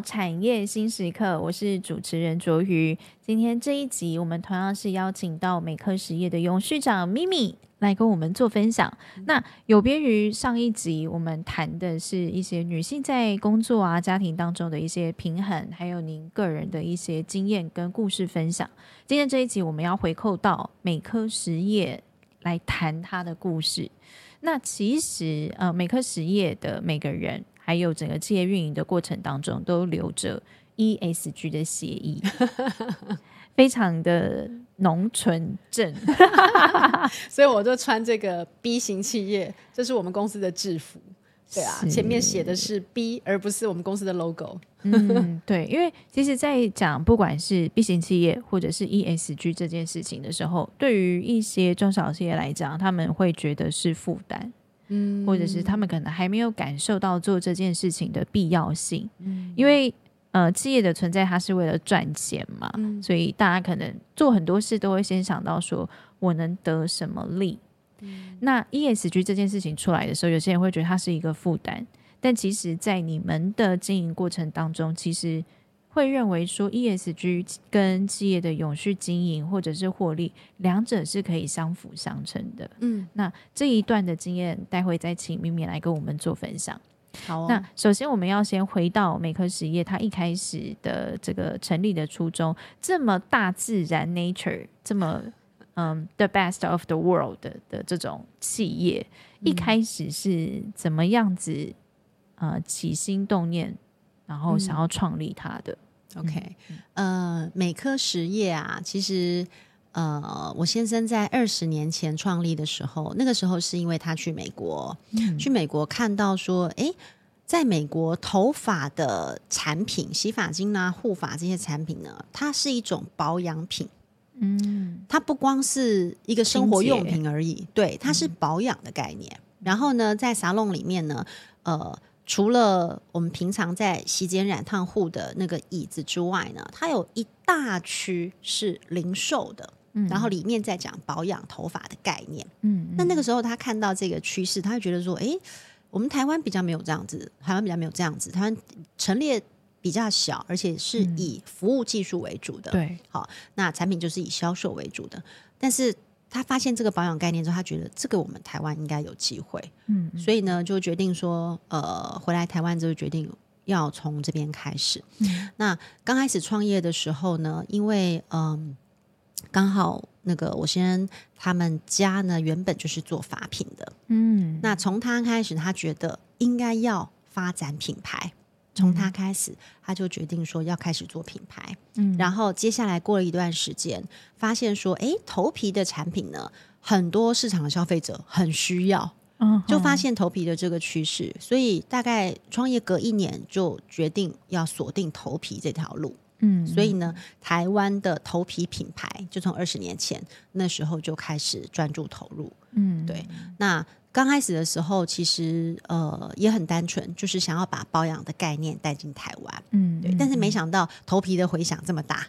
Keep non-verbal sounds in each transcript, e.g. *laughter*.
產業心時刻，我是主持人卓瑜。今天這一集，我們同樣是邀請到美科實業的永續長咪咪來跟我們做分享。嗯、那有別於上一集我們談的是一些女性在工作啊、家庭當中的一些平衡，還有您個人的一些經驗跟故事分享。今天這一集，我們要回扣到美科實業來談他的故事。那其實，呃，美科實業的每個人。還有整個企業運營的過程當中，都留着 ESG 的協議，非常的濃純正， *laughs* *laughs* 所以我就穿這個 B 型企業，這是我們公司的制服。對啊，前面寫的是 B，而不是我們公司的 logo。 *laughs* 嗯，對，因為其實，在講不管是 B 型企業或者是 ESG 這件事情的時候，對於一些中小企業來講，他們會覺得是負擔。或者是他們可能還沒有感受到做這件事情的必要性，嗯、因為呃，企業的存在它是為了賺錢嘛、嗯，所以大家可能做很多事都會先想到說我能得什麼利、嗯。那 ESG 這件事情出來的時候，有些人會覺得它是一個負擔，但其實，在你們的經營過程當中，其實。會認為說 ESG 跟企業的永續經營或者是獲利，兩者是可以相輔相成的。嗯，那這一段的經驗，待會再請明明來跟我們做分享。好、哦，那首先我們要先回到美科實業，它一開始的這個成立的初衷，這麼大自然 nature，這麼嗯、um, the best of the world 的這種企業，嗯、一開始是怎麼樣子，呃，起心動念？然後想要創立他的。嗯，OK，呃，美科實業啊，其實呃，我先生在二十年前創立的時候，那個時候是因為他去美國，嗯，去美國看到說，哎，在美國頭髮的產品，洗髮精啊，護髮這些產品呢，它是一種保養品，嗯，它不光是一個生活用品而已，對，它是保養的概念。嗯，然後呢，在沙龍裡面呢，呃。除了我們平常在洗剪染燙護的那個椅子之外呢，它有一大區是零售的，嗯，然後裡面在講保養頭髮的概念。嗯，嗯，那那個時候他看到這個趨勢，他就覺得說：“哎，欸，我們台灣比較沒有這樣子，台灣比較沒有這樣子，台灣陳列比較小，而且是以服務技術為主的，嗯。對，好，那產品就是以銷售為主的，但是。”他發現這個保養概念之後，他覺得這個我們台灣應該有機會，嗯，所以呢就決定說，呃，回來台灣之後決定要從這邊開始。嗯、那剛開始創業的時候呢，因為嗯，剛、呃、好那個我先生他們家呢原本就是做髮品的，嗯，那從他開始，他覺得應該要發展品牌。從他開始、嗯，他就決定說要開始做品牌，嗯，然後接下來過了一段時間，發現說，哎、欸，頭皮的產品呢，很多市場的消費者很需要、哦，就發現頭皮的這個趨勢，所以大概創業隔一年就決定要鎖定頭皮這條路，嗯，所以呢，台灣的頭皮品牌就從二十年前那時候就開始專注投入，嗯，對，那。剛開始的時候，其實呃也很單純，就是想要把保養的概念帶進台灣，嗯，對。但是沒想到頭皮的回響這麼大，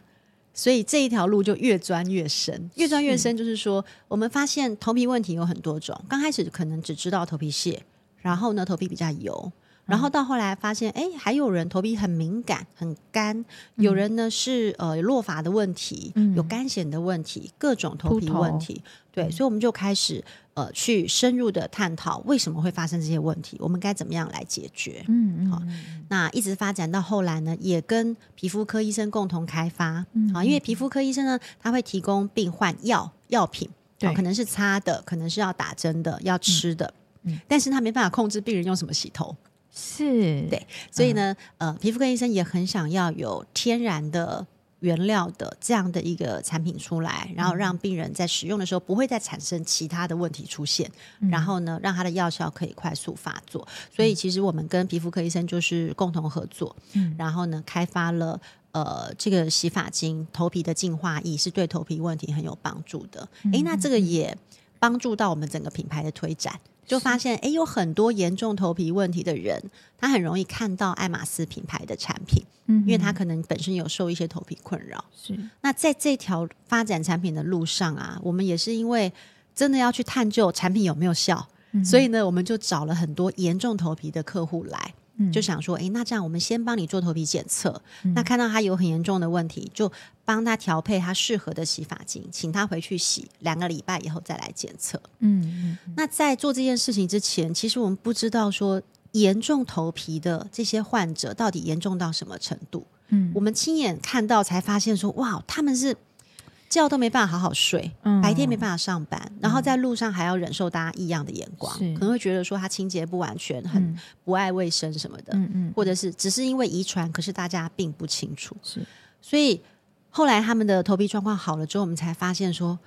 所以這一條路就越鑽越深，越鑽越深。就是說是，我們發現頭皮問題有很多種。剛開始可能只知道頭皮屑，然後呢，頭皮比較油，嗯、然後到後來發現，哎、欸，還有人頭皮很敏感、很乾、嗯，有人呢是呃有落髮的問題，嗯、有乾癬的問題，各種頭皮問題。對，所以我們就開始。呃，去深入的探討為什麼會發生這些問題，我們該怎麼樣來解決？嗯好、嗯嗯哦，那一直發展到後來呢，也跟皮膚科醫生共同開發。啊、嗯嗯，因為皮膚科醫生呢，他會提供病患藥藥品，對、哦，可能是擦的，可能是要打針的，要吃的，嗯。嗯。但是他沒辦法控制病人用什麼洗頭。是。對，所以呢，嗯、呃，皮膚科醫生也很想要有天然的原料的這樣的一個產品出來，然後讓病人在使用的時候不會再產生其他的問題出現，嗯、然後呢，讓它的藥效可以快速發作。所以其實我們跟皮膚科醫生就是共同合作，嗯、然後呢，開發了呃這個洗髮精、頭皮的淨化液，是對頭皮問題很有幫助的。誒、嗯欸，那這個也幫助到我們整個品牌的推展。就發現，哎、欸，有很多嚴重頭皮問題的人，他很容易看到愛馬仕品牌的產品，嗯，因為他可能本身有受一些頭皮困擾。是，那在這條發展產品的路上啊，我們也是因為真的要去探究產品有沒有效，嗯、所以呢，我們就找了很多嚴重頭皮的客戶來。就想說，哎、欸，那這樣我們先幫你做頭皮檢測。嗯。那看到他有很嚴重的問題，就幫他調配他適合的洗髮精，請他回去洗兩個禮拜以後再來檢測。嗯，嗯，嗯，那在做這件事情之前，其實我們不知道說嚴重頭皮的這些患者到底嚴重到什麼程度。嗯，我們親眼看到才發現說，哇，他們是，覺都沒辦法好好睡，嗯、白天沒辦法上班，嗯，然後在路上還要忍受大家異樣的眼光，嗯，可能會覺得說他清潔不完全，很不愛衛生什麼的，嗯嗯，或者是只是因為遺傳，可是大家並不清楚，是、嗯嗯，所以後來他們的頭皮狀況好了之後，我們才發現說，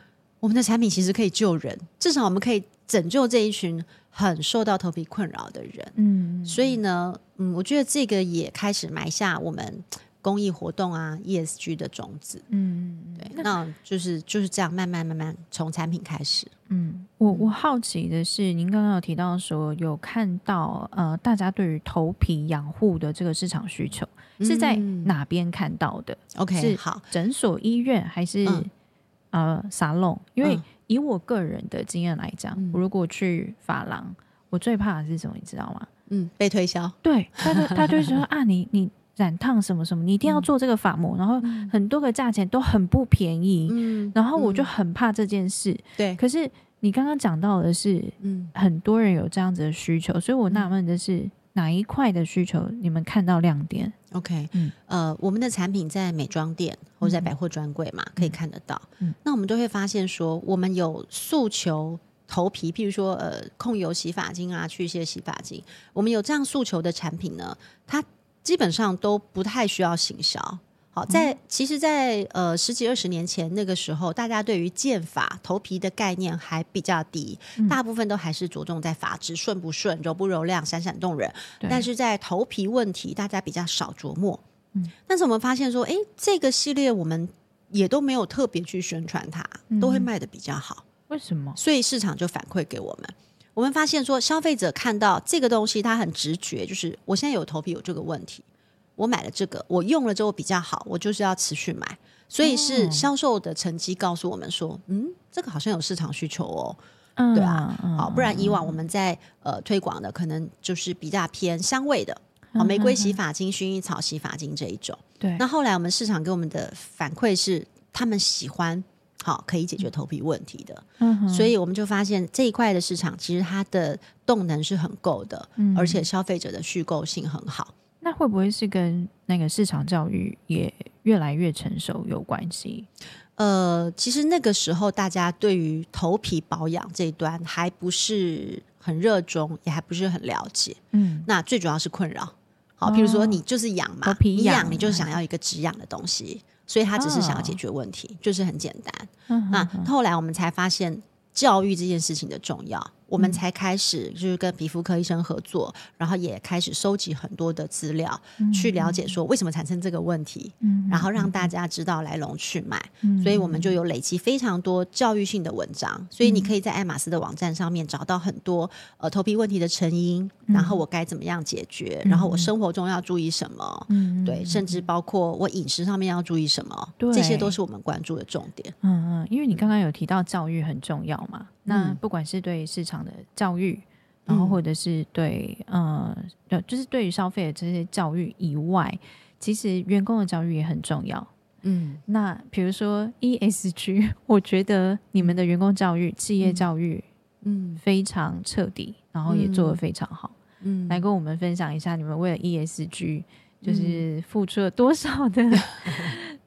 我們的產品其實可以救人，至少我們可以拯救這一群很受到頭皮困擾的人，嗯，所以呢，嗯，我覺得這個也開始埋下我們，公益活動啊，ESG 的種子，嗯對，那就是那就是這樣，慢慢慢慢從產品開始。嗯，我我好奇的是，您剛剛有提到說有看到呃，大家對於頭皮養護的這個市場需求是在哪邊看到的、嗯、是？OK，是好診所、醫院還是、嗯、呃沙龍？Salon? 因為以我個人的經驗來講，嗯、我如果去髮廊，我最怕的是什麼？你知道嗎？嗯，被推銷。對，他就他就說 *laughs* 啊，你你。染燙什麼什麼，你一定要做這個髮膜，嗯，然後很多個價錢都很不便宜。嗯，然後我就很怕這件事。對，嗯，可是你剛剛講到的是，嗯，很多人有這樣子的需求，所以我納悶的是，嗯，哪一塊的需求你們看到亮點？OK，嗯，呃，我們的產品在美妝店或者在百貨專櫃嘛，嗯，可以看得到。嗯，那我們都會發現說，我們有訴求頭皮，譬如說呃控油洗髮精啊，去屑洗髮精，我們有這樣訴求的產品呢，它基本上都不太需要行銷。好，在、嗯、其實在，在呃十幾二十年前那個時候，大家對於健髮頭皮的概念還比較低，嗯、大部分都還是着重在髮質順不順、柔不柔亮、閃閃動人。但是在頭皮問題，大家比較少琢磨。嗯，但是我們發現說，誒、欸，這個系列我們也都沒有特別去宣傳它、嗯，都會賣得比較好。為什麼？所以市場就反饋給我們。我們發現說，消費者看到這個東西，他很直覺，就是我現在有頭皮有這個問題，我買了這個，我用了之後比較好，我就是要持續買。所以是銷售的成績告訴我們說，嗯，這個好像有市場需求哦，嗯、對啊、嗯。好，不然以往我們在呃推廣的可能就是比較偏香味的，哦，玫瑰洗髮精、薰衣草洗髮精這一種。對、嗯，那後來我們市場給我們的反饋是，他們喜歡。好，可以解決頭皮問題的，嗯、所以我們就發現這一塊的市場其實它的動能是很夠的，嗯，而且消費者的續購性很好。那會不會是跟那個市場教育也越來越成熟有關係？呃，其實那個時候大家對於頭皮保養這一端還不是很熱衷，也還不是很了解。嗯，那最主要是困擾，好，譬如說你就是癢嘛，頭皮癢，你癢，你就想要一個止癢的東西。嗯所以他只是想要解決問題，oh. 就是很簡單。嗯、哼哼，那後來我們才發現教育這件事情的重要。我們才開始就是跟皮膚科醫生合作，然後也開始收集很多的資料、嗯，去了解說為什麼產生這個問題，嗯、然後讓大家知道來龍去脈、嗯。所以我們就有累積非常多教育性的文章，嗯、所以你可以在艾瑪絲的網站上面找到很多呃頭皮問題的成因，嗯、然後我該怎麼樣解決、嗯，然後我生活中要注意什麼，嗯、對，甚至包括我飲食上面要注意什麼對，這些都是我們關注的重點。嗯嗯，因為你剛剛有提到教育很重要嘛。那不管是對市場的教育、嗯，然後或者是對呃就是對於消費的這些教育以外，其實員工的教育也很重要。嗯，那比如說 ESG，我覺得你們的員工教育、嗯、企業教育，嗯，非常徹底，然後也做得非常好。嗯，來跟我們分享一下，你們為了 ESG 就是付出了多少的、嗯、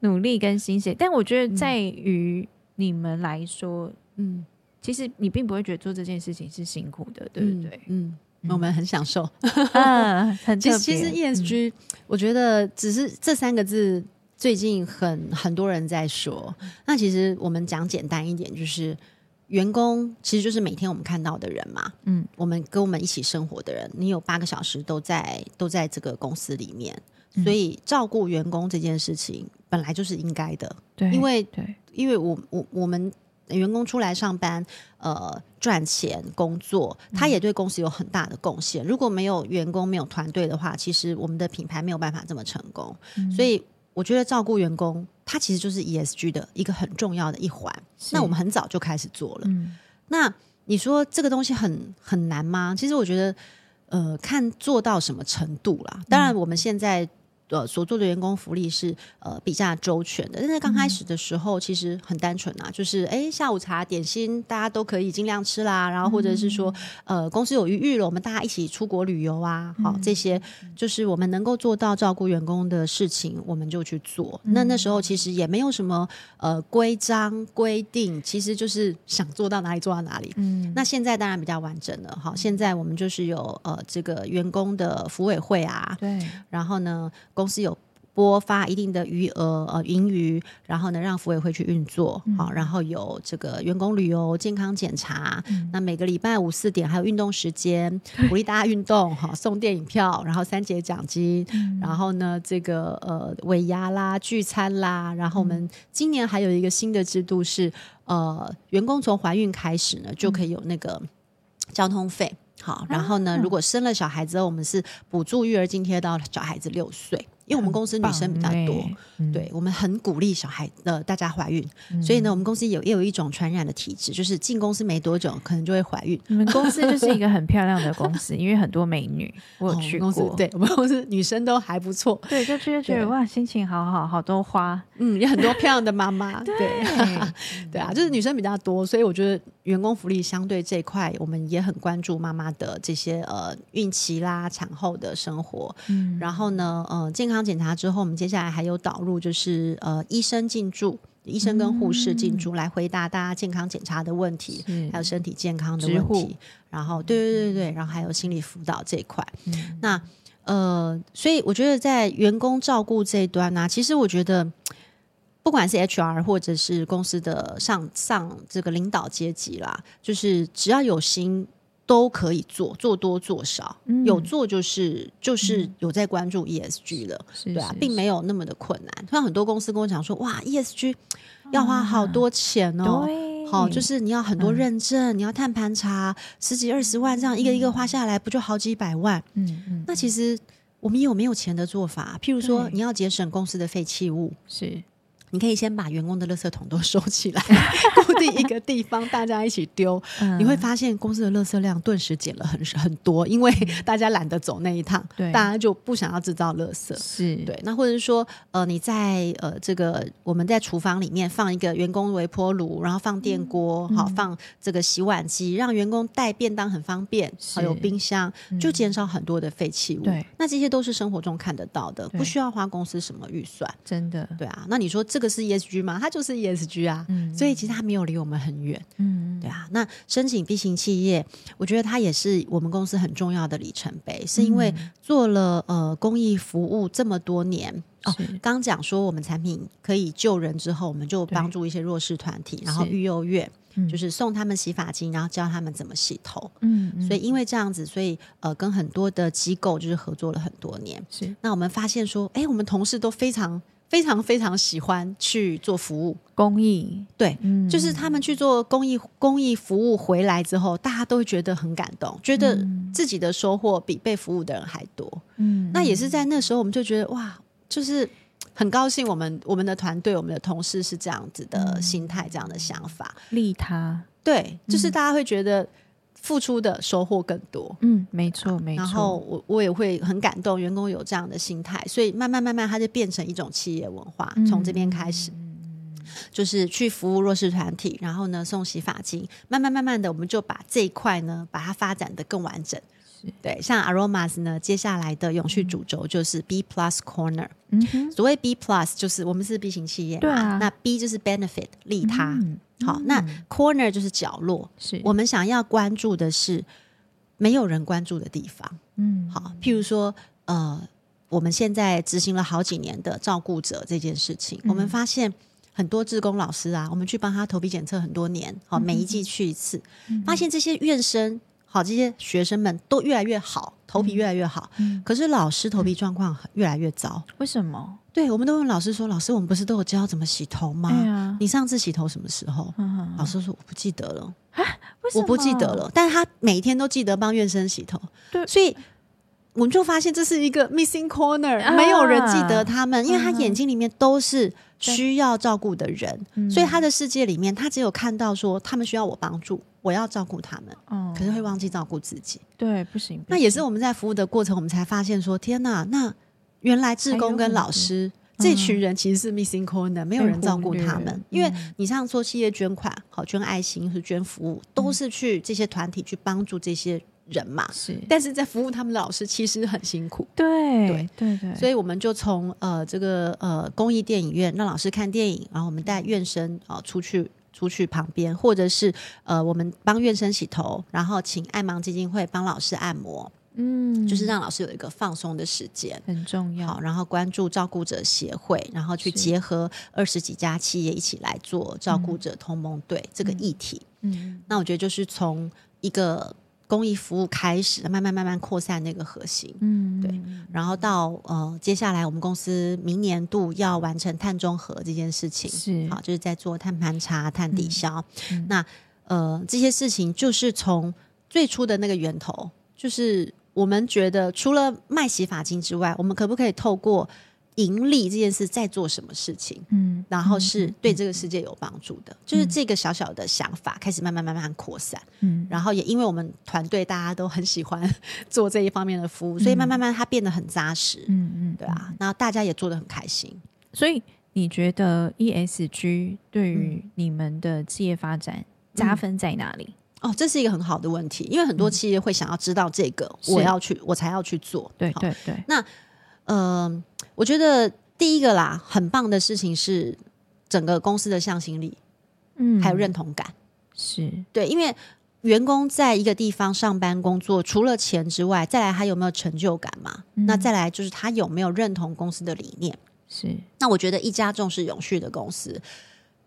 *laughs* 努力跟心血？但我覺得在於你們來說，嗯。嗯其實你並不會覺得做這件事情是辛苦的，對不對？嗯，嗯嗯我們很享受啊，很 *laughs* *laughs* 其實“ *laughs* 其實 esg、嗯、我覺得只是這三個字最近很很多人在說。那其實我們講簡單一點，就是員工其實就是每天我們看到的人嘛。嗯，我們跟我們一起生活的人，你有八個小時都在都在這個公司裡面，嗯、所以照顧員工這件事情本來就是應該的。對，因為對，因為我我我們。員工出來上班，呃，賺錢工作，他也對公司有很大的貢獻。如果沒有員工，沒有團隊的話，其實我們的品牌沒有辦法這麼成功。嗯、所以，我覺得照顧員工，它其實就是 ESG 的一個很重要的一環。那我們很早就開始做了。嗯、那你說這個東西很很難嗎？其實我覺得，呃，看做到什麼程度啦。嗯、當然，我們現在。呃，所做的員工福利是呃比較周全的。但是剛開始的時候，嗯、其實很單純啊，就是哎、欸，下午茶點心大家都可以儘量吃啦。然後或者是說，嗯、呃，公司有餘裕了，我們大家一起出國旅遊啊。好，這些就是我們能夠做到照顧員工的事情，我們就去做。嗯、那那時候其實也沒有什麼呃規章規定，其實就是想做到哪裡做到哪裡。嗯，那現在當然比較完整了。好，現在我們就是有呃這個員工的福委會啊，對，然後呢。公司有撥發一定的餘額呃盈餘，然後呢讓福委會去運作啊、嗯，然後有這個員工旅遊、健康檢查，嗯、那每個禮拜五四點還有運動時間，鼓勵大家運動哈、呃，送電影票，然後三節獎金，嗯、然後呢這個呃尾牙啦、聚餐啦，然後我們今年還有一個新的制度是、嗯、呃員工從懷孕開始呢、嗯、就可以有那個交通費。好，然後呢，嗯，如果生了小孩之後，我們是補助育兒津貼到小孩子六歲。因為我們公司女生比較多，欸、嗯、對，我們很鼓勵小孩呃大家懷孕、嗯，所以呢，我們公司有也有一種傳染的體質，就是進公司沒多久可能就會懷孕。你們公司就是一個很漂亮的公司， *laughs* 因為很多美女，我有去過、哦，公司。對，我們公司女生都還不錯，對，就覺得覺得哇，心情好好，好多花，嗯，有很多漂亮的媽媽， *laughs* 對， *laughs* 對啊，就是女生比較多，所以我覺得員工福利相對這一塊，我們也很關注媽媽的這些呃孕期啦、產後的生活，嗯，然後呢，呃，健康。檢查之後，我們接下來還有導入，就是呃，醫生進駐，醫生跟護士進駐、嗯嗯、來回答大家健康檢查的問題，還有身體健康的問題。然後，對對對對，然後還有心理輔導這一塊、嗯。那呃，所以我覺得在員工照顧這一端呢、啊，其實我覺得不管是 HR 或者是公司的上上這個領導階級啦，就是只要有心。都可以做，做多做少，嗯、有做就是就是有在關注 ESG 了，對啊，並沒有那麼的困難。像很多公司跟我講說，哇，ESG 要花好多錢哦、啊，好，就是你要很多認證，嗯、你要碳盤查，十幾二十萬，這樣一個一個花下來，不就好幾百萬？嗯嗯，嗯，那其實我們也有沒有錢的做法，譬如說，你要節省公司的廢棄物，是。你可以先把員工的垃圾桶都收起來， *laughs* 固定一個地方 *laughs* 大家一起丟、嗯，你會發現公司的垃圾量頓時減了很很多，因為大家懶得走那一趟，大家就不想要製造垃圾。是對，那或者說呃你在呃這個我們在廚房裡面放一個員工微波爐，然後放電鍋，好、嗯、放這個洗碗機、嗯，讓員工帶便當很方便，還有冰箱、嗯，就減少很多的廢棄物對。那這些都是生活中看得到的，不需要花公司什麼預算，真的。對啊，那你說這。這、那個是 ESG 嗎？它就是 ESG 啊，嗯嗯，所以其實它沒有離我們很遠。嗯，對啊。那申請 B 型企業，我覺得它也是我們公司很重要的里程碑，嗯嗯，是因為做了呃公益服務這麼多年，剛講、哦、說我們產品可以救人之後，我們就幫助一些弱勢團體，然後育幼院是就是送他們洗髮精，然後教他們怎麼洗頭。嗯，嗯，所以因為這樣子，所以呃跟很多的機構就是合作了很多年。是，那我們發現說，哎、欸，我們同事都非常。非常非常喜歡去做服務公益，對、嗯，就是他們去做公益公益服務回來之後，大家都會覺得很感動，覺得自己的收穫比被服務的人還多。嗯，那也是在那時候，我們就覺得哇，就是很高興我，我們我們的團隊、我們的同事是這樣子的心態、嗯、這樣的想法，利他。對，就是大家會覺得。嗯付出的收穫更多，嗯，沒錯、啊，沒錯。然後我我也會很感動，員工有這樣的心態，所以慢慢慢慢，它就變成一種企業文化，嗯、從這邊開始、嗯，就是去服務弱勢團體，然後呢送洗髮精，慢慢慢慢的，我們就把這一塊呢，把它發展得更完整。對，像 AROMASE 呢，接下來的永續主軸就是 B Plus Corner。嗯哼、所謂 B Plus 就是我們是 B 型企業嘛，對啊、那 B 就是 Benefit 利他、嗯。好，那 Corner 就是角落。是，我們想要關注的是沒有人關注的地方。嗯，好，譬如說，呃，我們現在執行了好幾年的照顧者這件事情、嗯，我們發現很多志工老師啊，我們去幫他頭皮檢測很多年，好，每一季去一次，發現這些院生。好，這些學生們都越來越好，頭皮越來越好。嗯，可是老師頭皮狀況越來越糟。嗯，為什麼？對，我們都問老師說：“老師，我們不是都有教怎麼洗頭嗎？哎？”你上次洗頭什麼時候？嗯，老師說，我不記得了。啊？為什麼？我不記得了。但是他每天都記得幫院生洗頭，對，所以。我們就發現這是一個 missing corner，沒有人記得他們，啊、因為他眼睛裡面都是需要照顧的人、嗯，所以他的世界裡面，他只有看到說他們需要我幫助，我要照顧他們、嗯，可是會忘記照顧自己，對，不行，不行。那也是我們在服務的過程，我們才發現說，天哪，那原來志工跟老師、哎嗯、這群人其實是 missing corner，沒有人照顧他們、嗯，因為你像做企業捐款、好捐愛心或是捐服務，都是去這些團體、嗯、去幫助這些。人嘛是，但是在服務他們的老師其實很辛苦。對對，對對，對，所以我們就從呃這個呃公益電影院讓老師看電影，然後我們帶院生哦、呃、出去出去旁邊，或者是呃我們幫院生洗頭，然後請愛盲基金會幫老師按摩，嗯，就是讓老師有一個放鬆的時間，很重要。好，然後關注照顧者協會，然後去結合二十幾家企業一起來做照顧者同盟隊、嗯、這個議題嗯。嗯，那我覺得就是從一個。公益服務開始，慢慢慢慢擴散那個核心，嗯，對。然後到呃，接下來我們公司明年度要完成碳中和這件事情，是，好，就是在做碳盤查、碳抵消。嗯嗯、那呃，這些事情就是從最初的那個源頭，就是我們覺得除了賣洗髮精之外，我們可不可以透過？盈利這件事在做什麼事情嗯？嗯，然後是對這個世界有幫助的、嗯，就是這個小小的想法開始慢慢慢慢擴散，嗯，然後也因為我們團隊大家都很喜歡做這一方面的服務，嗯、所以慢慢慢它變得很扎實，嗯嗯，對啊，那大家也做得很開心。所以你覺得 ESG 對於你們的企業發展加分在哪裡、嗯嗯嗯？哦，這是一個很好的問題，因為很多企業會想要知道這個，嗯、我要去我才要去做，對對對，那。嗯、呃，我覺得第一個啦，很棒的事情是整個公司的向心力，嗯，還有認同感，是對，因為員工在一個地方上班工作，除了錢之外，再來還有沒有成就感嘛，嗯？那再來就是他有沒有認同公司的理念？是，那我覺得一家重視永續的公司，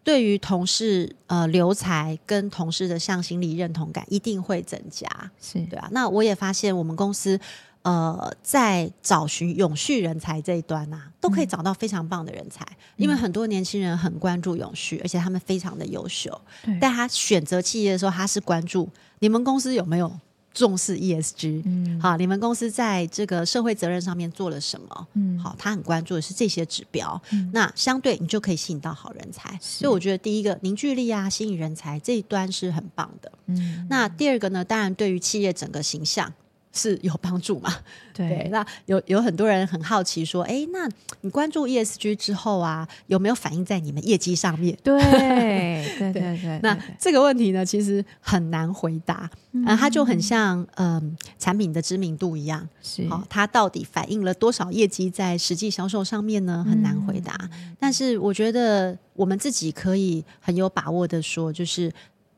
對於同事呃留才跟同事的向心力認同感一定會增加，是對啊。那我也發現我們公司。呃，在找尋永續人才這一端啊，都可以找到非常棒的人才。嗯，因為很多年輕人很關注永續，而且他們非常的優秀。但他選擇企業的時候，他是關注你們公司有沒有重視 ESG，嗯，好，你們公司在這個社會責任上面做了什麼？嗯，好，他很關注的是這些指標。嗯，那相對你就可以吸引到好人才，所以我覺得第一個凝聚力啊，吸引人才這一端是很棒的。嗯。那第二個呢？當然，對於企業整個形象。是有幫助嘛？對，對那有有很多人很好奇說，哎、欸，那你關注 ESG 之後啊，有沒有反映在你們業績上面？對， *laughs* 對，對，對，對。那對對對這個問題呢，其實很難回答。嗯啊、它就很像嗯、呃，產品的知名度一樣，是。哦，它到底反映了多少業績在實際銷售上面呢？很難回答、嗯。但是我覺得我們自己可以很有把握的說，就是。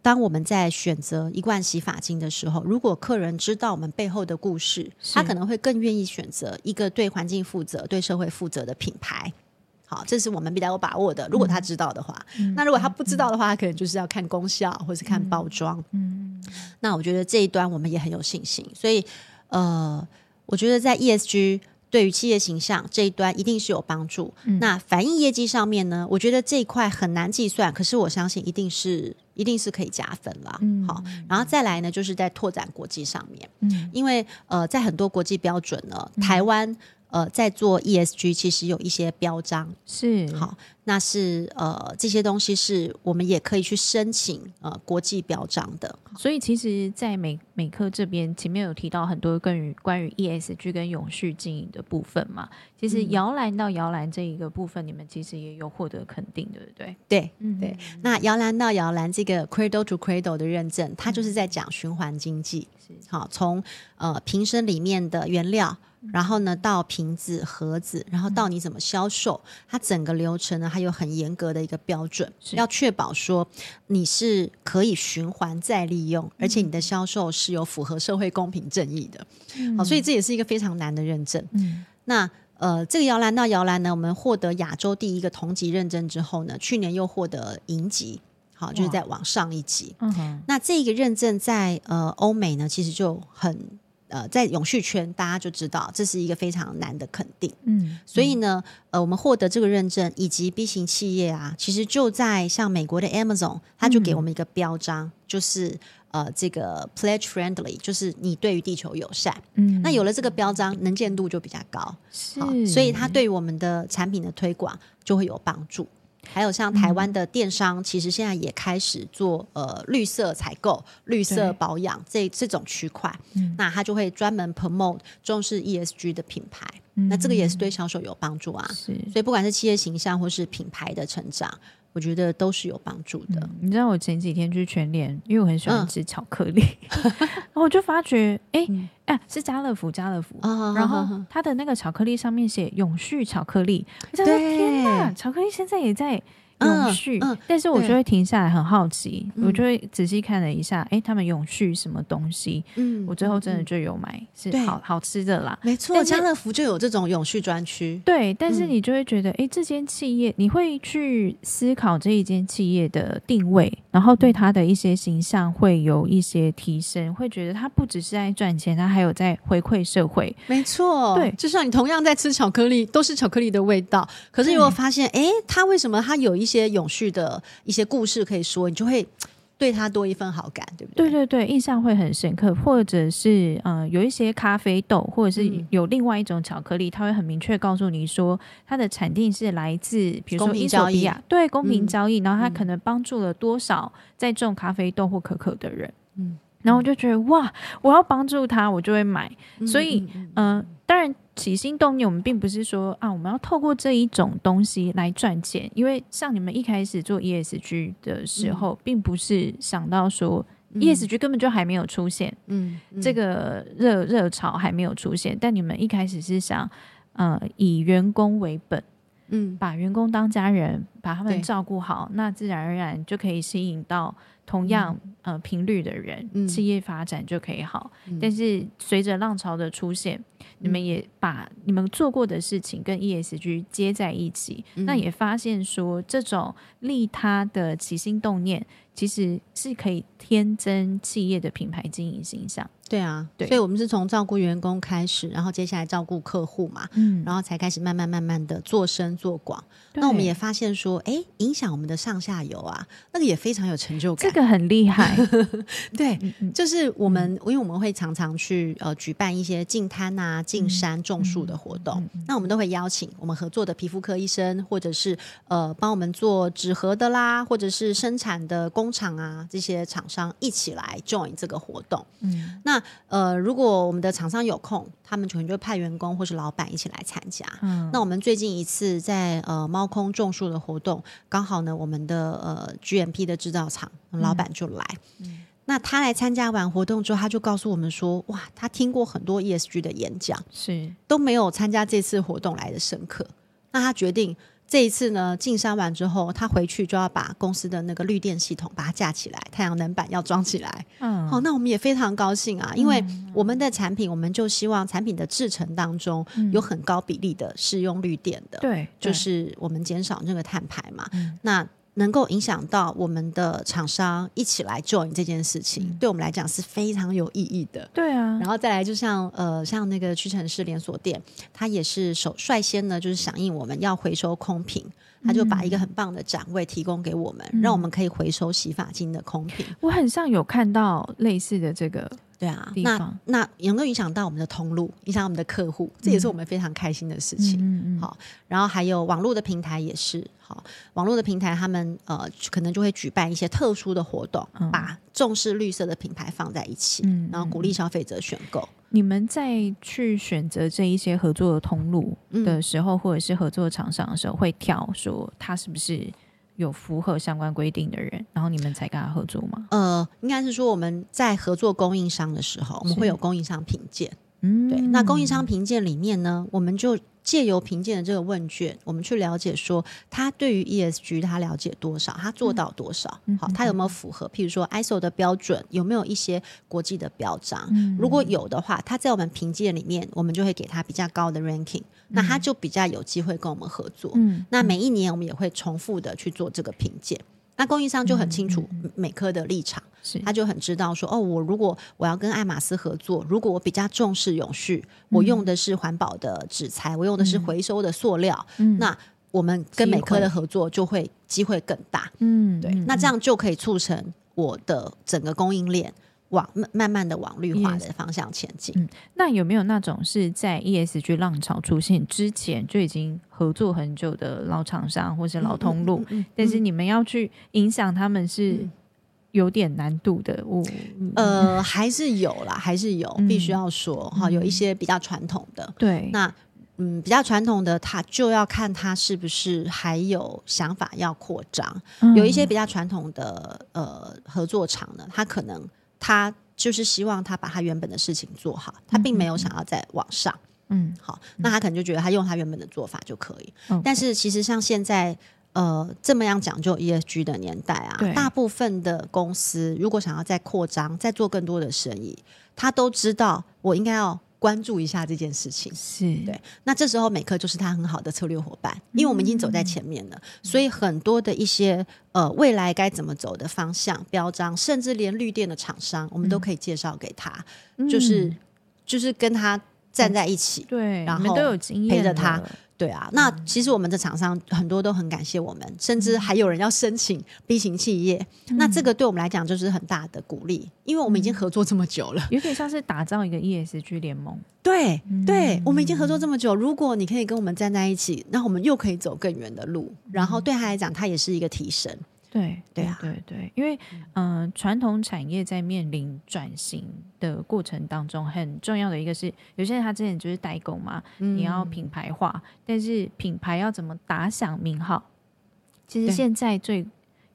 當我們在選擇一罐洗髮精的時候，如果客人知道我們背後的故事，他可能會更願意選擇一個對環境負責、對社會負責的品牌。好，這是我們比較有把握的。如果他知道的話，嗯、那如果他不知道的話，嗯、他可能就是要看功效，或是看包裝、嗯。嗯，那我覺得這一端我們也很有信心。所以，呃，我覺得在 ESG 對於企業形象這一端一定是有幫助、嗯。那反映業績上面呢，我覺得這一塊很難計算，可是我相信一定是。一定是可以加分了。嗯，好，然後再來呢，就是在拓展國際上面，嗯，因為呃，在很多國際標準呢，嗯，台灣。呃，在做 ESG 其實有一些標章，是好，那是呃這些東西是我們也可以去申請呃國際標章的。所以其實，在美美克這邊前面有提到很多關於關於 ESG 跟永續經營的部分嘛，其實搖籃到搖籃這一個部分，嗯、你們其實也有獲得肯定，對不對？對，對、嗯。那搖籃到搖籃這個 Cradle to Cradle 的認證，它就是在講循環經濟，好、嗯嗯，從呃瓶身裡面的原料。然後呢，到瓶子、盒子，然後到你怎麼銷售，嗯、它整個流程呢，它有很嚴格的一個標準，要確保說你是可以循環再利用、嗯，而且你的銷售是有符合社會公平正義的。嗯、好，所以這也是一個非常難的認證。嗯、那呃，這個搖籃到搖籃呢，我們獲得亞洲第一個銅級認證之後呢，去年又獲得銀級，好，就是再往上一級。那這個認證在呃歐美呢，其實就很。呃，在永續圈，大家就知道這是一個非常難的肯定。嗯，所以呢，呃，我們獲得這個認證，以及 B 型企業啊，其實就在像美國的 Amazon，它就給我們一個標章，嗯、就是呃，這個 Pledge Friendly，就是你對於地球友善。嗯，那有了這個標章，能見度就比較高，是，所以它對於我們的產品的推廣就會有幫助。還有像台灣的電商、嗯，其實現在也開始做呃綠色採購、綠色保養這這種區塊、嗯，那他就會專門 promote 重視 ESG 的品牌、嗯，那這個也是對銷售有幫助啊是。所以不管是企業形象或是品牌的成長，我覺得都是有幫助的、嗯。你知道我前幾天去全聯，因為我很喜歡吃巧克力。嗯 *laughs* 哦、我就發覺，哎、欸嗯啊、是家樂福，家樂福、哦。然後它、哦、的那個巧克力上面寫永續巧克力，我想說天吶，巧克力現在也在。永續、嗯嗯，但是我就會停下來很好奇，我就會仔細看了一下，哎、嗯欸，他們永續什麼東西？嗯，我最後真的就有買、嗯、是好好吃的啦，沒錯，家樂福就有這種永續專區。對，但是你就會覺得，哎、欸，這間企業，你會去思考這一間企業的定位，然後對他的一些形象會有一些提升，會覺得他不只是在賺錢，他還有在回饋社會。沒錯，對，就像你同樣在吃巧克力，都是巧克力的味道，可是你有沒有發現，哎，他、欸、為什麼他有一？一些永續的一些故事可以說，你就會對他多一份好感，對不對？對對對，印象會很深刻。或者是嗯、呃，有一些咖啡豆，或者是有另外一種巧克力，嗯、它會很明確告訴你說，它的產地是來自比如說衣索比亞，對，公平交易。嗯、然後他可能幫助了多少在種咖啡豆或可可的人，嗯，然後我就覺得哇，我要幫助他，我就會買。嗯、所以嗯、呃，當然。起心動念，我們並不是說啊，我們要透過這一種東西來賺錢，因為像你們一開始做 ESG 的時候，嗯，並不是想到說 ESG 根本就還沒有出現，嗯，這個熱熱潮還沒有出現，嗯，但你們一開始是想，呃，以員工為本，嗯，把員工當家人，把他們照顧好，那自然而然就可以吸引到。同樣，嗯、呃，頻率的人、嗯，企業發展就可以好。嗯，但是隨着浪潮的出現，嗯，你們也把你們做過的事情跟 ESG 接在一起，嗯，那也發現說，這種利他的起心動念，其實是可以添增企業的品牌經營形象。對啊對，所以我們是從照顧員工開始，然後接下來照顧客戶嘛，嗯、然後才開始慢慢慢慢的做深做廣。那我們也發現說，哎，影響我們的上下游啊，那個也非常有成就感。這個很厲害， *laughs* 對、嗯，就是我們、嗯、因為我們會常常去呃舉辦一些淨灘啊、淨山種樹的活動、嗯嗯嗯嗯，那我們都會邀請我們合作的皮膚科醫生，或者是呃幫我們做紙盒的啦，或者是生產的工廠啊這些廠商一起來 join 這個活動，嗯，那。那、呃、如果我們的廠商有空，他們可能就派員工或是老闆一起來參加。嗯，那我們最近一次在呃貓空種樹的活動，剛好呢，我們的呃 GMP 的製造廠、嗯、老闆就來、嗯。那他來參加完活動之後，他就告訴我們說：“哇，他聽過很多 ESG 的演講，是都沒有參加這次活動來得深刻。”那他決定。這一次呢，進山完之後，他回去就要把公司的那個綠電系統把它架起來，太陽能板要裝起來。嗯、好、哦，那我們也非常高興啊，因為我們的產品，我們就希望產品的製程當中有很高比例的是用綠電的，對、嗯，就是我們減少那個碳排嘛。嗯、那。能夠影響到我們的廠商一起來做這件事情，嗯、對我們來講是非常有意義的。對啊，然後再來就像呃，像那個屈臣氏連鎖店，他也是首率先呢，就是響應我們要回收空瓶，他就把一個很棒的展位提供給我們，嗯、讓我們可以回收洗髮精的空瓶。我很像有看到類似的這個。對啊，地方那那能夠影響到我們的通路，影響到我們的客戶，這也是我們非常開心的事情。好、嗯嗯嗯嗯，然後還有網絡的平台也是好，網絡的平台他們呃可能就會舉辦一些特殊的活動，嗯、把重視綠色的品牌放在一起嗯嗯，然後鼓勵消費者選購。你們在去選擇這一些合作的通路的時候，嗯，或者是合作廠商的時候，會挑說他是不是？有符合相關規定的人，然後你們才跟他合作嗎？呃，應該是說我們在合作供應商的時候，我們會有供應商評鑑。嗯，對，那供應商評鑑裡面呢，嗯、我們就。借由評鑑的這個問卷，我們去了解說他對於 ESG 他了解多少，他做到多少，嗯、好，他有沒有符合譬如說 ISO 的標準，有沒有一些國際的標章，嗯？如果有的話，他在我們評鑑裡面，我們就會給他比較高的 ranking，嗯、那他就比較有機會跟我們合作，嗯。那每一年我們也會重複的去做這個評鑑。那供應商就很清楚美科的立場、嗯嗯嗯，他就很知道說，哦，我如果我要跟艾瑪絲合作，如果我比較重視永續，嗯、我用的是環保的紙材，我用的是回收的塑料，嗯、那我們跟美科的合作就會機會更大。嗯，嗯對嗯嗯，那這樣就可以促成我的整個供應鏈。往慢慢的往綠化的方向前進。Yes. 嗯。那有沒有那種是在 ESG 浪潮出現之前就已經合作很久的老廠商或是老通路，嗯嗯嗯嗯？但是你們要去影響他們是有點難度的。我、嗯嗯、呃還是有啦，還是有，嗯、必須要說哈，有一些比較傳統的。對，那嗯比較傳統的，他就要看他是不是還有想法要擴張，嗯。有一些比較傳統的呃合作廠呢，他可能。他就是希望他把他原本的事情做好，他並沒有想要再往上。嗯，好，嗯、那他可能就覺得他用他原本的做法就可以。嗯、但是其實像現在呃這麼樣講究 ESG 的年代啊，大部分的公司如果想要再擴張、再做更多的生意，他都知道我應該要。關注一下這件事情是對。那這時候美克就是他很好的策略夥伴，嗯，因為我們已經走在前面了，嗯、所以很多的一些呃未來該怎麼走的方向、標章，甚至連綠電的廠商，我們都可以介紹給他，嗯、就是就是跟他站在一起，對，嗯，然後他都有經驗陪着他。對啊，那其實我們的廠商很多都很感謝我們、嗯，甚至還有人要申請 B 型企業。嗯、那這個對我們來講就是很大的鼓勵，因為我們已經合作這麼久了，嗯、有點像是打造一個 ESG 聯盟。對，對我們已經合作這麼久，如果你可以跟我們站在一起，那我們又可以走更遠的路。然後對他來講，他也是一個提升。對對對對，對啊、因為嗯、呃，傳統產業在面臨轉型的過程當中，很重要的一個是，有些人他之前就是代工嘛，嗯、你要品牌化，但是品牌要怎麼打響名號、嗯？其實現在最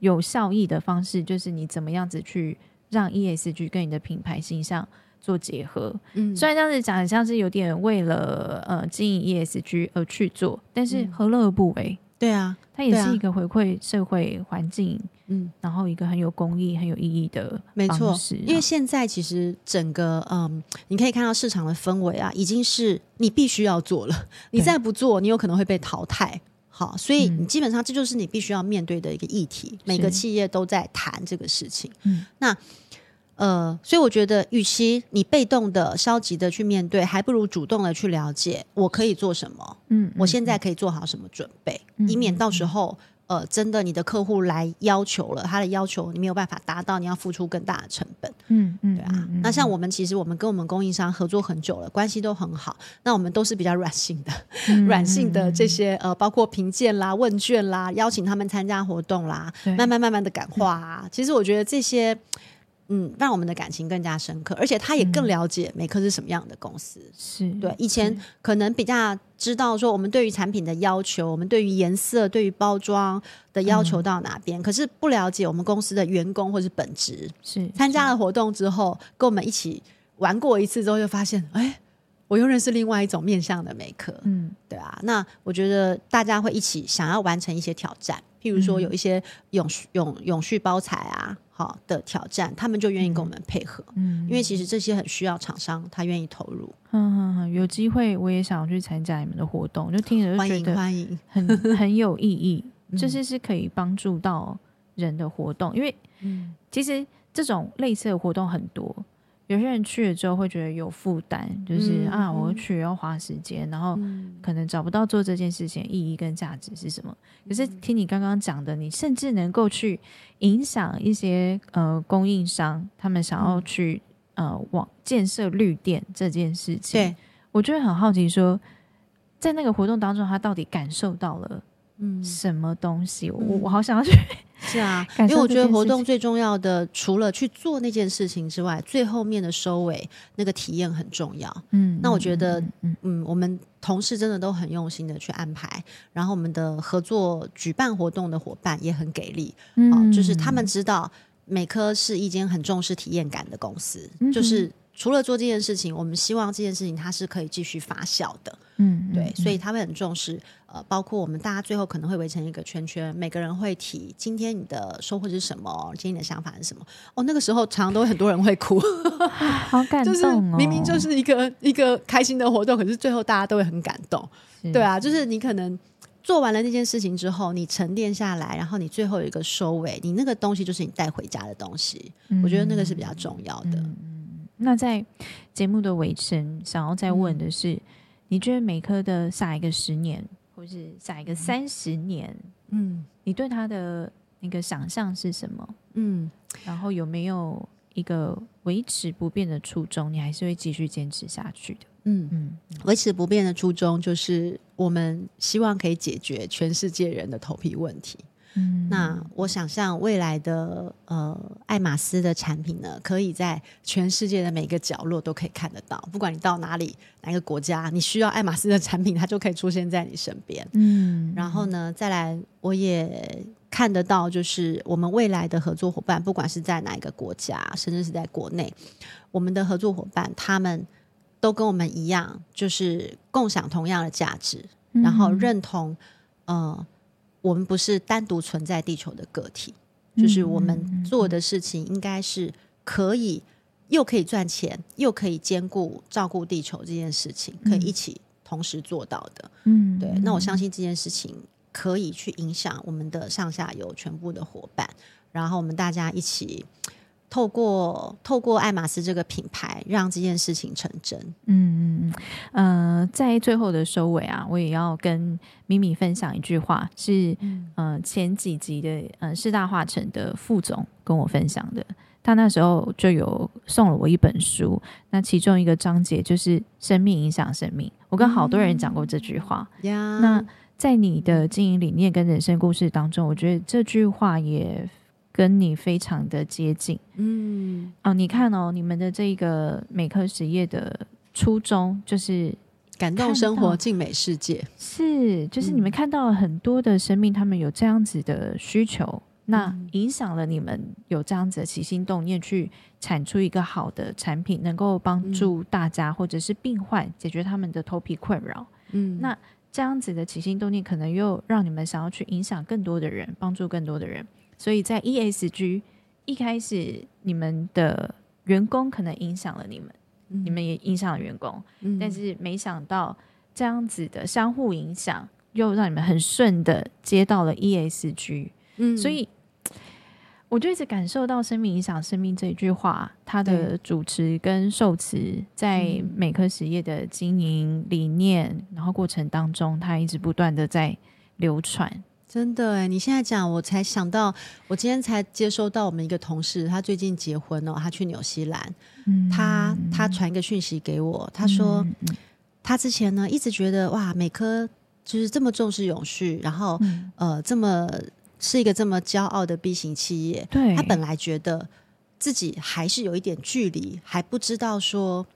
有效益的方式就是你怎麼樣子去讓 ESG 跟你的品牌形象做結合。嗯，雖然這樣子講，很像是有點為了呃經營 ESG 而去做，但是何樂而不為？嗯對啊，它也是一個回饋社會環境、啊，嗯，然後一個很有公益、很有意義的方式。沒錯哦、因為現在其實整個嗯，你可以看到市場的氛圍啊，已經是你必須要做了，你再不做，你有可能會被淘汰。嗯、好，所以你基本上這就是你必須要面對的一個議題，嗯、每個企業都在談這個事情。嗯，那。呃，所以我覺得，與其你被動的、消極的去面對，還不如主動的去了解，我可以做什麼？嗯，嗯，嗯，我現在可以做好什麼準備，嗯嗯嗯以免到時候呃，真的你的客戶來要求了，他的要求你沒有辦法達到，你要付出更大的成本。嗯嗯，嗯嗯，對啊。那像我們其實我們跟我們供應商合作很久了，關係都很好。那我們都是比較軟性的，軟 *laughs* 性的這些呃，包括評鑑啦、問卷啦、邀請他們參加活動啦，慢慢慢慢的感化啊。啊、嗯。其實我覺得這些。嗯，讓我們的感情更加深刻，而且他也更了解、嗯、美克是什麼樣的公司。是對以前可能比較知道說我們對於產品的要求，我們對於顏色、對於包裝的要求到哪邊、嗯，可是不了解我們公司的員工或是本質。是參加了活動之後，跟我們一起玩過一次之後，就發現，哎、欸，我又認識另外一種面向的美克。嗯，對啊。那我覺得大家會一起想要完成一些挑戰，譬如說有一些永永永續包材啊。的挑戰，他們就願意跟我們配合，嗯，因為其實這些很需要廠商，他願意投入。嗯，嗯，嗯，有機會我也想要去參加你們的活動，就聽着就覺得很，歡迎，歡迎，很很有意義，這些、就是、是可以幫助到人的活動，因為嗯，其實這種類似的活動很多。有些人去了之後會覺得有負擔，就是、嗯、啊，我去要花時間、嗯，然後可能找不到做這件事情意義跟價值是什麼。嗯、可是聽你剛剛講的，你甚至能夠去影響一些呃供應商，他們想要去、嗯、呃往建設綠電這件事情。對、我就很好奇說，說在那個活動當中，他到底感受到了。嗯，什麼東西？我、嗯、我好想要去，是啊，因為我覺得活動最重要的，除了去做那件事情之外，最後面的收尾那個體驗很重要。嗯，那我覺得嗯嗯，嗯，我們同事真的都很用心的去安排，然後我們的合作舉辦活動的伙伴也很給力。嗯，哦、就是他們知道，美科是一間很重視體驗感的公司，嗯、就是。除了做這件事情，我們希望這件事情它是可以繼續發酵的，嗯，嗯，嗯、對，所以他會很重視。呃，包括我們大家最後可能會圍成一個圈圈，每個人會提今天你的收穫是什麼，今天的想法是什麼。哦，那個時候常常都很多人會哭， *laughs* 好感動、哦、就是明明就是一個一個開心的活動，可是最後大家都會很感動，對啊，就是你可能做完了那件事情之後，你沉澱下來，然後你最後有一個收尾，你那個東西就是你帶回家的東西。嗯、我覺得那個是比較重要的。嗯嗯那在節目的尾聲，想要再問的是，嗯，你覺得每科的下一個十年，嗯，或是下一個三十年，嗯，你對他的那個想象是什麼？嗯，然後有沒有一個維持不變的初衷，你還是會繼續堅持下去的？嗯嗯，維持不變的初衷就是，我們希望可以解決全世界人的頭皮問題。那我想象未來的呃，艾瑪絲的產品呢，可以在全世界的每個角落都可以看得到。不管你到哪裡，哪一個國家，你需要艾瑪絲的產品，它就可以出現在你身邊。嗯，然後呢，再來，我也看得到，就是我們未來的合作夥伴，不管是在哪一個國家，甚至是在國內，我們的合作夥伴他們都跟我們一樣，就是共享同樣的價值，嗯、然後認同，呃。我們不是單獨存在地球的個體，就是我們做的事情應該是可以又可以賺錢，又可以兼顧照顧地球這件事情，可以一起同時做到的。嗯，對。那我相信這件事情可以去影響我們的上下游全部的伙伴，然後我們大家一起。透過透過艾瑪絲這個品牌，讓這件事情成真。嗯嗯嗯。呃，在最後的收尾啊，我也要跟咪咪分享一句話，是、嗯、呃前幾集的呃四大化成的副總跟我分享的、嗯。他那時候就有送了我一本書，那其中一個章節就是“生命影響生命”。我跟好多人講過這句話、嗯。那在你的經營理念跟人生故事當中，我覺得這句話也跟你非常的接近，嗯，哦、啊，你看哦，你們的這個美科實業的初衷就是感動生活，淨美世界。是，就是你們看到了很多的生命，他們有這樣子的需求，嗯、那影響了你們有這樣子的起心動念去產出一個好的產品，能夠幫助大家或者是病患解決他們的頭皮困擾，嗯，那這樣子的起心動念可能又讓你們想要去影響更多的人，幫助更多的人。所以在 ESG 一開始，你們的員工可能影響了你們、嗯，你們也影響了員工、嗯，但是沒想到這樣子的相互影響、嗯，又讓你們很順的接到了 ESG。嗯，所以我就一直感受到生“生命影響生命”這一句話，它的主持跟受持在美科實業的經營理念，然後過程當中，它一直不斷的在流傳。真的哎，欸，你現在講，我才想到，我今天才接收到我們一個同事，他最近結婚哦，喔，他去紐西蘭，嗯，他他傳一個訊息給我，他說，嗯、他之前呢一直覺得哇，美科就是這麼重視永續，然後，嗯、呃這麼是一個這麼驕傲的 B 型企業，對，他本來覺得自己還是有一點距離，還不知道說。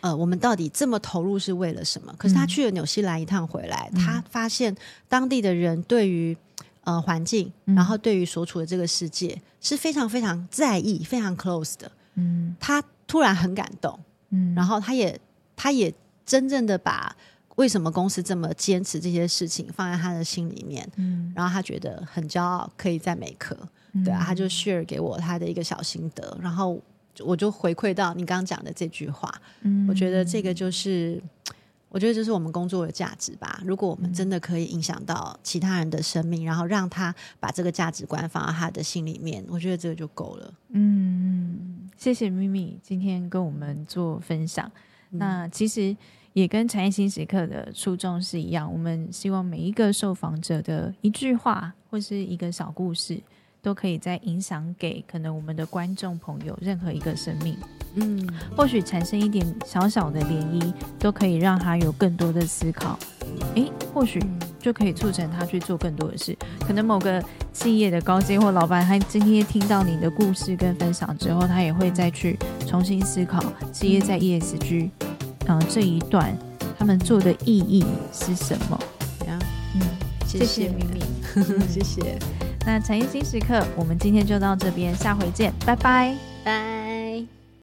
呃，我們到底這麼投入是為了什麼？可是他去了紐西蘭一趟回來，嗯，他發現當地的人對於呃環境，嗯，然後對於所處的這個世界是非常非常在意、非常 close 的。嗯，他突然很感動，嗯，然後他也他也真正的把為什麼公司這麼堅持這些事情放在他的心裡面，嗯，然後他覺得很驕傲，可以在美科，嗯，對啊，他就 share 給我他的一個小心得，然後。我就回饋到你剛剛講的這句話，嗯，我覺得這個就是，我覺得這是我們工作的價值吧。如果我們真的可以影響到其他人的生命，嗯，然後讓他把這個價值觀放到他的心裡面，我覺得這個就夠了。嗯，謝謝咪咪今天跟我們做分享。嗯、那其實也跟產業心時刻的初衷是一樣，我們希望每一個受訪者的一句話或是一個小故事。都可以再影響給可能我們的觀眾朋友，任何一個生命，嗯，或許產生一點小小的漣漪，都可以讓他有更多的思考。哎，或許就可以促成他去做更多的事。嗯、可能某個企業的高薪或老闆，他今天聽到你的故事跟分享之後，他也會再去重新思考企業在 ESG，嗯，這一段他們做的意義是什麼。然、嗯、後，嗯，謝謝明明，謝謝。明明，嗯，謝謝 *laughs* 那產業心時刻，我們今天就到這邊，下回見，拜拜，拜。